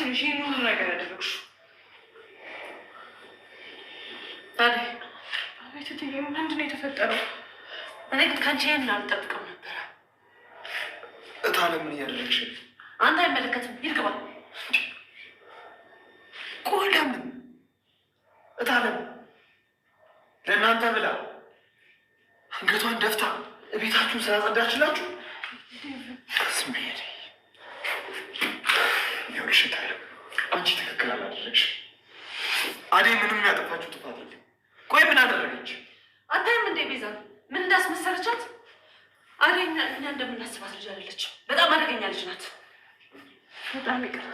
አልችልሽ። ይህን ሁሉ ነገር ያደረግሽው ታዲያ አቤት እትዬ፣ ምንድን ነው የተፈጠረው? እኔ ግን ከአንቺ ይህን አልጠብቅም ነበረ። እታለምን እያደረግሽ አንተ አይመለከትም። ይርግባ ቆለምን እታለም ለእናንተ ብላ አንገቷን ደፍታ እቤታችሁን ስላጸዳችላችሁ ስሜሄድ እሸታለሁ። አንቺ ትክክል አላደረግሽ። አዴ ምንም ያጠፋችው ጥፋት የለም። ቆይ ምን አደረገች? አታይም እንዴ ቤዛ ምን እንዳስመሰረቻት? አዴ እኛ እንደምናስባት ልጅ አለች። በጣም አደገኛ ልጅ ናት። በጣም ይቅር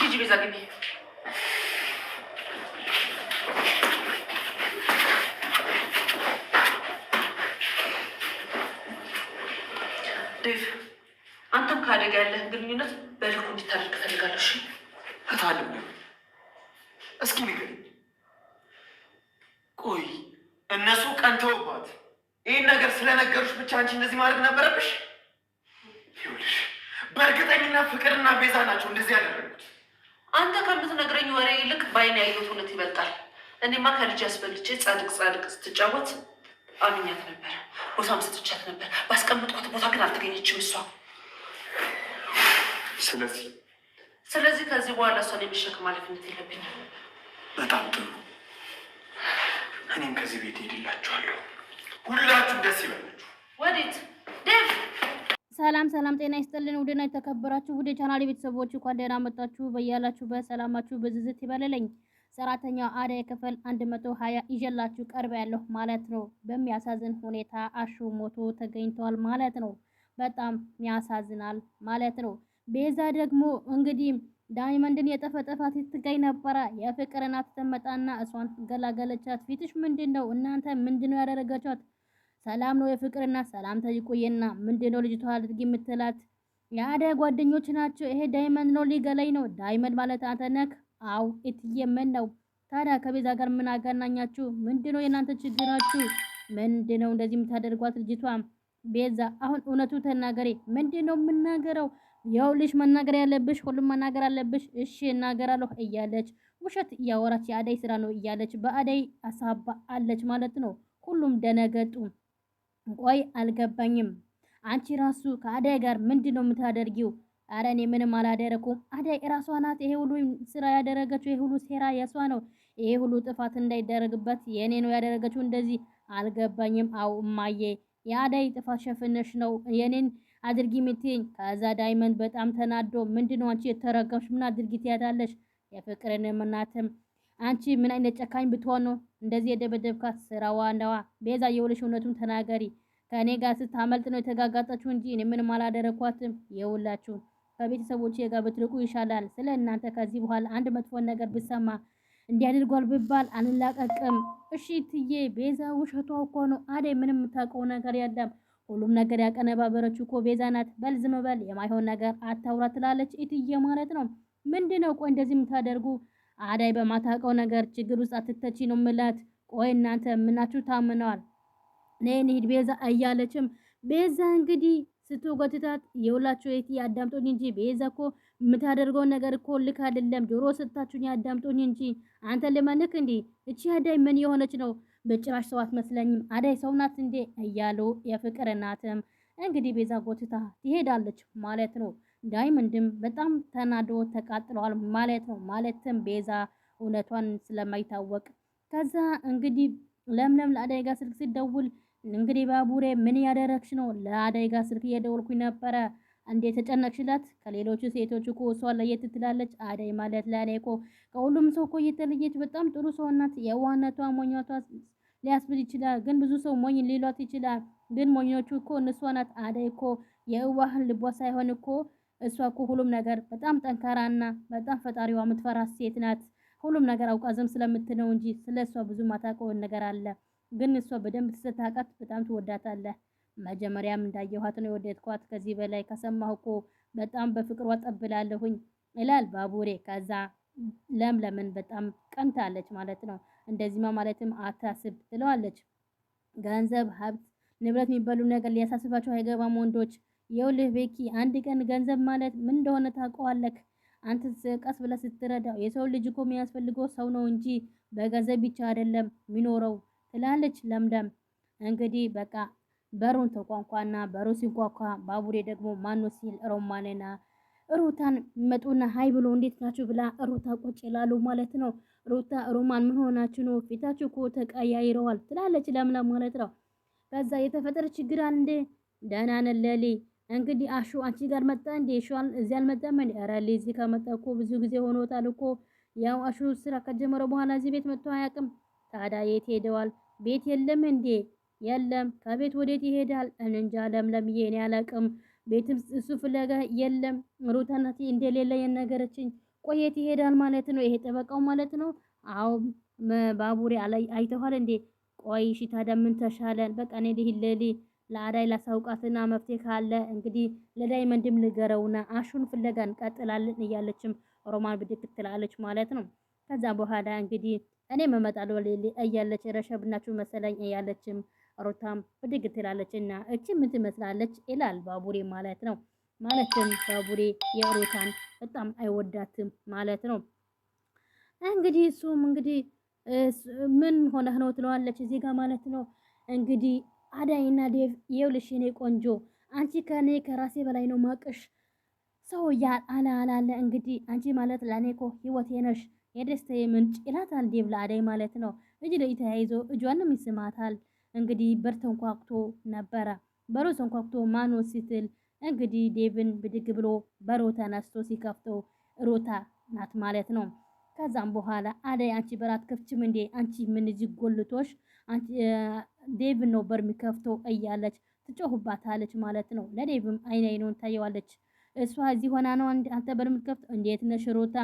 ሂጂ ቤዛ ግቢ ዴቭ አንተም ከአደጋ ያለህን ግንኙነት በልኩ እንዲታደርግ እፈልጋለሁ። እታድም እስኪ ንገሪኝ። ቆይ እነሱ ቀንተውባት ይህን ነገር ስለነገሩሽ ብቻ አንቺ እንደዚህ ማድረግ ነበረብሽ? ይኸውልሽ በእርግጠኝነት ፍቅርና ቤዛ ናቸው እንደዚህ ያደረጉት። አንተ ከምትነግረኝ ወሬ ይልቅ በአይን ያየሁት እውነት ይበልጣል። እኔማ ከልጅ ያስበልቼ ጻድቅ ጻድቅ ስትጫወት አምኛት ነበረ። ቦታም ስትቻት ነበር። ባስቀመጥኩት ቦታ ግን አልተገኘችም እሷ። ስለዚህ ስለዚህ ከዚህ በኋላ እሷን የሚሸከም ኃላፊነት የለብኝም። በጣም ጥሩ። እኔም ከዚህ ቤት ሄድላችኋለሁ። ሁላችሁ ደስ ይበላችሁ። ወዴት ደፍ ሰላም ሰላም፣ ጤና ይስጥልን ውድና የተከበራችሁ ውድ የቻናሌ ቤተሰቦች እንኳን ደህና መጣችሁ። በያላችሁ በሰላማችሁ ብዝዝት ይበለለኝ። ሰራተኛው አደይ ክፍል 120 ይዤላችሁ ቀርብ ያለሁ ማለት ነው። በሚያሳዝን ሁኔታ አሹ ሞቶ ተገኝቷል ማለት ነው። በጣም ያሳዝናል ማለት ነው። ቤዛ ደግሞ እንግዲህ ዳይመንድን የጠፈጠፋት ስትገኝ ነበረ። የፍቅር እናት ተመጣና እሷን ገላገለቻት። ፊትሽ ምንድን ነው? እናንተ ምንድን ነው ያደረገቻት? ሰላም ነው የፍቅር እናት። ሰላም ተይቆየና ምንድን ነው ልጅቷ አድርጊ የምትላት? የአደይ ጓደኞች ናቸው። ይሄ ዳይመንድ ነው ሊገለኝ ነው። ዳይመንድ ማለት አንተ ነክ አው እትዬ ምን ነው ታዲያ ከቤዛ ጋር ምን አገናኛችሁ? ምንድነው የእናንተ ችግራችሁ? ምንድነው እንደዚህ የምታደርጓት ልጅቷ? ቤዛ አሁን እውነቱ ተናገሪ። ምንድነው የምናገረው? ልጅ መናገር ያለብሽ ሁሉም መናገር አለብሽ። እሺ እናገራለሁ እያለች ውሸት እያወራች የአደይ ስራ ነው እያለች በአደይ አሳባ አለች ማለት ነው። ሁሉም ደነገጡ። ቆይ አልገባኝም። አንቺ ራሱ ከአደይ ጋር ምንድነው የምታደርጊው? አረ እኔ ምንም አላደረኩም። አደይ እራሷ ናት ይሄ ሁሉ ስራ ያደረገችው፣ ይሄ ሁሉ ሴራ የሷ ነው። ይሄ ሁሉ ጥፋት እንዳይደረግበት የእኔ ነው ያደረገችው። እንደዚህ አልገባኝም። አው እማዬ የአደይ ጥፋት ሸፍነሽ ነው የኔን አድርጊ ምትኝ። ከዛ ዳይመንድ በጣም ተናዶ ምንድነው አንቺ የተረገምሽ ምን አድርጊ ትያታለሽ? የፍቅርን እናትም አንቺ ምን አይነት ጨካኝ ብትሆን ነው እንደዚህ የደበደብካት? ስራዋ እንደዋ ቤዛ፣ የውልሽ እውነቱን ተናገሪ። ከእኔ ጋር ስታመልጥ ነው የተጋጋጠችው እንጂ እኔ ምንም አላደረኳትም። የውላችሁ ከቤተሰቦች ጋር ብትርቁ ይሻላል። ስለ እናንተ ከዚህ በኋላ አንድ መጥፎን ነገር ብሰማ እንዲያደርጓል ብባል አንላቀቅም። እሺ ትዬ ቤዛ ውሸቷ እኮ ነው። አደይ ምንም የምታውቀው ነገር የለም። ሁሉም ነገር ያቀነባበረች እኮ ቤዛ ናት። በል ዝም በል የማይሆን ነገር አታውራ ትላለች እትዬ ማለት ነው። ምንድን ነው ቆይ እንደዚህ የምታደርጉ? አዳይ በማታውቀው ነገር ችግር ውስጥ አትተቺ ነው ምላት። ቆይ እናንተ ምናችሁ ታምነዋል? ነይ እንሂድ ቤዛ እያለችም ቤዛ እንግዲህ ስትጎትታት የሁላችሁ የት አዳምጦኝ እንጂ ቤዛ እኮ የምታደርገውን ነገር እኮ ልክ አይደለም። ጆሮ ስታችሁኝ አዳምጦኝ እንጂ አንተ ልመንክ እንዴ እቺ አዳይ ምን የሆነች ነው? በጭራሽ ሰው አትመስለኝም። አዳይ ሰው ናት እንዴ? እያሉ የፍቅር እናትም እንግዲህ ቤዛ ጎትታ ትሄዳለች ማለት ነው። ዳይመንድም በጣም ተናዶ ተቃጥለዋል ማለት ነው። ማለትም ቤዛ እውነቷን ስለማይታወቅ ከዛ እንግዲህ ለምለም ለአዳይ ጋር ስልክ ሲደውል እንግዲህ ባቡሬ ምን ያደረግሽ ነው? ለአደይ ጋር ስልክ እየደወልኩኝ ነበረ። እንዴት ተጨነቅሽላት? ከሌሎቹ ሴቶች እኮ እሷ ለየት ትላለች። አደይ ማለት ለእኔ እኮ ከሁሉም ሰው እኮ እየተለየች በጣም ጥሩ ሰው ናት። የዋህነቷ ሞኛቷ ሊያስብል ይችላል፣ ግን ብዙ ሰው ሞኝ ሊሏት ይችላል። ግን ሞኞቹ እኮ እነሷ ናት። አደይ እኮ የእዋህን ልቧ ሳይሆን እኮ እሷ እኮ ሁሉም ነገር በጣም ጠንካራና በጣም ፈጣሪዋ የምትፈራ ሴት ናት። ሁሉም ነገር አውቃ ዝም ስለምትለው እንጂ ስለሷ ብዙ ማታውቀውን ነገር አለ ግን እሷ በደንብ ስትታውቃት በጣም ትወዳታለህ። መጀመሪያም እንዳየኋት ነው የወደድኳት። ከዚህ በላይ ከሰማሁ እኮ በጣም በፍቅሯ ጠብላለሁኝ ይላል ባቡሬ። ከዛ ለምለምን በጣም ቀንታለች ማለት ነው። እንደዚህማ ማለትም አታስብ ትለዋለች። ገንዘብ፣ ሀብት፣ ንብረት የሚባሉ ነገር ሊያሳስባቸው አይገባም ወንዶች። የውልህ ቤኪ አንድ ቀን ገንዘብ ማለት ምን እንደሆነ ታውቀዋለህ። አንተ ቀስ ብለህ ስትረዳው የሰው ልጅ እኮ የሚያስፈልገው ሰው ነው እንጂ በገንዘብ ብቻ አይደለም የሚኖረው ትላለች ለምለም። እንግዲህ በቃ በሩን ተቋንቋና በሩ ሲንኳኳ ባቡሬ ደግሞ ማኖ ሲል ሮማንና ሩታን መጡና ሀይ ብሎ እንዴት ናችሁ ብላ ሩታ ቁጭ ይላሉ ማለት ነው። ሩታ ሮማን ምን ሆናችሁ ነው? ፊታችሁ እኮ ተቀያይረዋል ትላለች ለምለም ማለት ነው። ከዛ የተፈጠረ ችግር እንዴ? ደህና ነን ለሊ። እንግዲህ አሹ አንቺ ጋር መጣ እንዴ? ሹን እዚህ አልመጣም እንዴ? ኧረ ሊ እዚህ ከመጣ እኮ ብዙ ጊዜ ሆኖታል እኮ ያው አሹ ስራ ከጀመረ በኋላ እዚህ ቤት መጥቶ አያውቅም። ታዲያ የት ሄደዋል? ቤት የለም እንዴ? የለም። ከቤት ወዴት ይሄዳል? እንንጃ። ለምለምዬ እኔ አላቅም። ቤትም እሱ ፍለጋ የለም። ሩታ ናት እንደሌለ የነገረችኝ። ቆየት ይሄዳል ማለት ነው? ይሄ ጠበቃው ማለት ነው? አዎ። ባቡሬ አይተኋል እንዴ? ቆይ እሺ፣ ታዲያ ምን ተሻለን? በቃ እኔ ልሂድ ለአዳይ ላሳውቃትና መፍትሄ ካለ እንግዲህ ለዳይመንድም ልገረውና አሹን ፍለጋ እንቀጥላለን እያለችም ሮማን ብድግ ትላለች ማለት ነው። ከዛ በኋላ እንግዲህ እኔ እመጣለሁ ሌሊ እያለች ረሸብናችሁ መሰለኝ እያለችም ሩታም ብድግ ትላለች። እና እቺ ምን ትመስላለች ይላል ባቡሬ ማለት ነው። ማለትም ባቡሬ የሩታን በጣም አይወዳትም ማለት ነው። እንግዲህ እሱም እንግዲህ ምን ሆነህ ነው ትለዋለች እዚህ ጋር ማለት ነው። እንግዲህ አዳይና ዴቭ የውልሽ እኔ ቆንጆ አንቺ ከኔ ከራሴ በላይ ነው ማቅሽ ሰው ያ አላ አላለ እንግዲህ አንቺ ማለት ለኔ እኮ ህይወቴ ነሽ የደስታ የምንጭ ይላታል ዴቭ ለአዳይ ማለት ነው። እጅ ለእጅ ተያይዞ እጇንም ይስማታል። እንግዲህ በር ተንኳኩቶ ነበረ። በሮ ተንኳኩቶ ማኖ ሲትል እንግዲህ ዴቭን ብድግ ብሎ በሮ ተነስቶ ሲከፍተው ሮታ ናት ማለት ነው። ከዛም በኋላ አዳይ አንቺ በራት ከፍችም እንዴ አንቺ ምን እዚህ ጎልቶሽ ዴቭን ነው በር የሚከፍተው እያለች ትጮሁባታለች ማለት ነው። ለዴቭም አይን አይኑን ታየዋለች። እሷ እዚህ ሆና ነው አንተ በር የምትከፍተው? እንዴት ነሽ ሮታ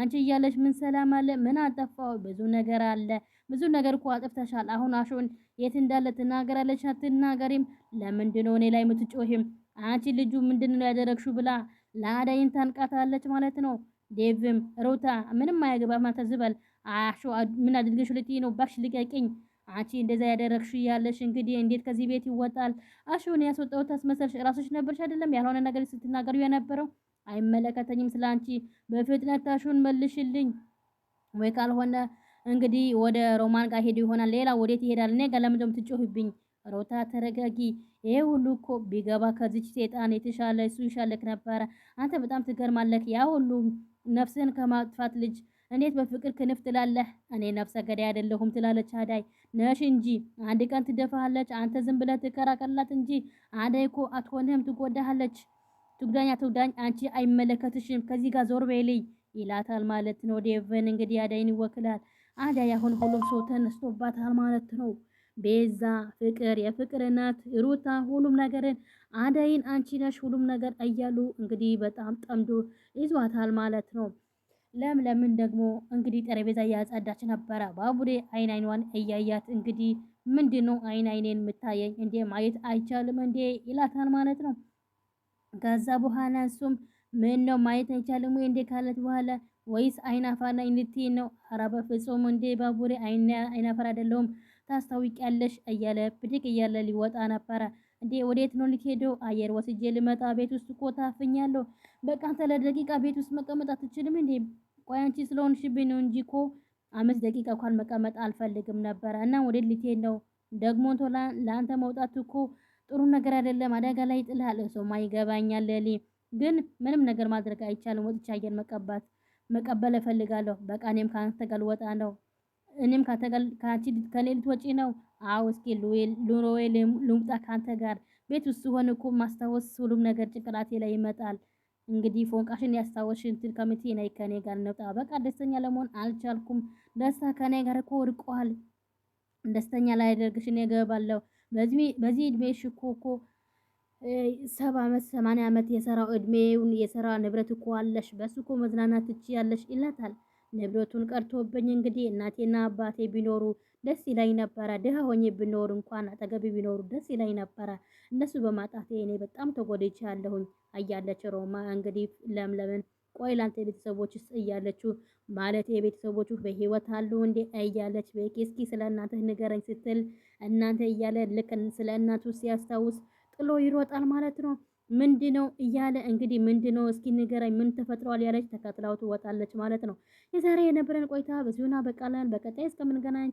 አንቺ እያለሽ ምን ሰላም አለ? ምን አጠፋው? ብዙ ነገር አለ። ብዙ ነገር እኮ አጥፍተሻል። አሁን አሹን የት እንዳለ ትናገራለች። አትናገሪም? ለምንድን ነው እኔ ላይ የምትጮሂም? አንቺ ልጁ ምንድን ነው ያደረግሽው? ብላ ለአዳይን ታንቃታለች ማለት ነው። ዴቭም ሮታ ምንም አያገባም። አታዝበል አሹ ምን አድርገሽ ልትይ ነው? ባክሽ ልቀቂኝ። አንቺ እንደዛ ያደረግሽ ያለሽ እንግዲህ እንዴት ከዚህ ቤት ይወጣል? አሹን ያስወጣው ታስመሰልሽ ራስሽ ነበርሽ አይደለም? ያልሆነ ነገር ስትናገሩ የነበረው አይመለከተኝም ስላንቺ በፍጥነት ታሹን መልሽልኝ ወይ ካልሆነ እንግዲህ ወደ ሮማን ጋር ሄዱ ይሆናል። ሌላ ወዴት ይሄዳል? እኔ ጋር ለምንድን ነው የምትጮህብኝ? ሮታ ተረጋጊ። ይሄ ሁሉ እኮ ቢገባ ከዚች ሴጣን የተሻለ እሱ ይሻለክ ነበረ። አንተ በጣም ትገርማለህ። ያ ሁሉ ነፍስህን ከማጥፋት ልጅ እንዴት በፍቅር ክንፍ ትላለህ? እኔ ነፍሰ ገዳይ አይደለሁም ትላለች አዳይ። ነሽ እንጂ አንድ ቀን ትደፋሃለች። አንተ ዝም ብለህ ትከራከርላት እንጂ አዳይ እኮ አትሆንህም፣ ትጎዳሃለች። ትጉዳኝ አትጉዳኝ አንቺ አይመለከትሽም፣ ከዚህ ጋር ዞር በይልኝ ይላታል ማለት ነው። ዴቨን እንግዲህ አዳይን ይወክላል። አዳይ አሁን ሁሉም ሰው ተነስቶባታል ማለት ነው። ቤዛ፣ ፍቅር፣ የፍቅር እናት ሩታ፣ ሁሉም ነገርን አዳይን አንቺ ነሽ ሁሉም ነገር እያሉ እንግዲህ በጣም ጠምዶ ይዟታል ማለት ነው። ለም ለምን ደግሞ እንግዲህ ጠረጴዛ እያጸዳች ነበረ። ባቡሬ አይን አይኗን እያያት እንግዲህ ምንድን ነው አይን አይኔን የምታየኝ እንዴ? ማየት አይቻልም እንዴ? ይላታል ማለት ነው። ከዛ በኋላ እሱም ምን ነው ማየት አይቻልም ወይ እንዴ ካለት በኋላ ወይስ አይናፋና እንድት ነው? ኧረ በፍጹም እንዴ ባቡሬ አይናፋር አይደለሁም ታስታውቂያለሽ እያለ ብድግ እያለ ሊወጣ ነበረ። እንዴ ወዴት ነው ልትሄደው? አየር ወስጄ ልመጣ ቤት ውስጥ እኮ ታፍኛለሁ። በቃ አንተ ለደቂቃ ቤት ውስጥ መቀመጥ አትችልም እንዴ? ቆይ አንቺ ስለሆንሽብኝ ነው እንጂ እኮ አምስት ደቂቃ እንኳን መቀመጥ አልፈልግም ነበረ። እና ወዴት ልትሄድ ነው ደግሞ? ቶላ ለአንተ መውጣት እኮ ጥሩ ነገር አይደለም፣ አደጋ ላይ ይጥልሃል። እሱማ ይገባኛል ለሊ፣ ግን ምንም ነገር ማድረግ አይቻልም። ወጥቼ አየር መቀባት መቀበል እፈልጋለሁ። በቃ እኔም ከአንተ ጋር ልወጣ ነው። እኔም ከአንቺ ከሌሊት ወጪ ነው። አዎ እስኪ ኑሮዌ ልምጣ ከአንተ ጋር። ቤት ውስጥ ስሆን እኮ ማስታወስ ሁሉም ነገር ጭንቅላቴ ላይ ይመጣል። እንግዲህ ፎንቃሽን ያስታወስሽ እንትን ከሚቴ ነይ ከኔ ጋር እንውጣ። በቃ ደስተኛ ለመሆን አልቻልኩም። ደስታ ከኔ ጋር እኮ ወድቋል። ደስተኛ ላይ ያደርግሽ እኔ እገባለሁ። በዚህ እድሜ ሽኮ እኮ ሰባ ዓመት ሰማንያ ዓመት የሰራው እድሜውን የሰራ ንብረት እኮ አለሽ፣ በሱ እኮ መዝናናት ያለሽ ይላታል። ንብረቱን ቀርቶብኝ እንግዲህ እናቴና አባቴ ቢኖሩ ደስ ይላይ ነበረ። ድሃ ሆኜ ብኖር እንኳን አጠገብ ቢኖሩ ደስ ይላይ ነበረ። እነሱ በማጣቴ እኔ በጣም ተጎድቻለሁኝ አያለች ሮማ እንግዲህ ለምለምን ቆይ ላንተ ቤተሰቦች ውስጥ እያለችሁ ማለት የቤተሰቦቹ በህይወት አሉ እንዴ እያለች ቤኪ እስኪ ስለ እናንተ ንገረኝ ስትል እናንተ እያለ ልክ ስለ እናቱ ሲያስታውስ ጥሎ ይሮጣል ማለት ነው። ምንድነው እያለ እንግዲህ ምንድነው እስኪ ንገረኝ፣ ምን ተፈጥሯል ያለች ተከትላው ትወጣለች ማለት ነው። የዛሬ የነበረን ቆይታ በዚሁና በቃላን በቀጣይ እስከምንገናኝ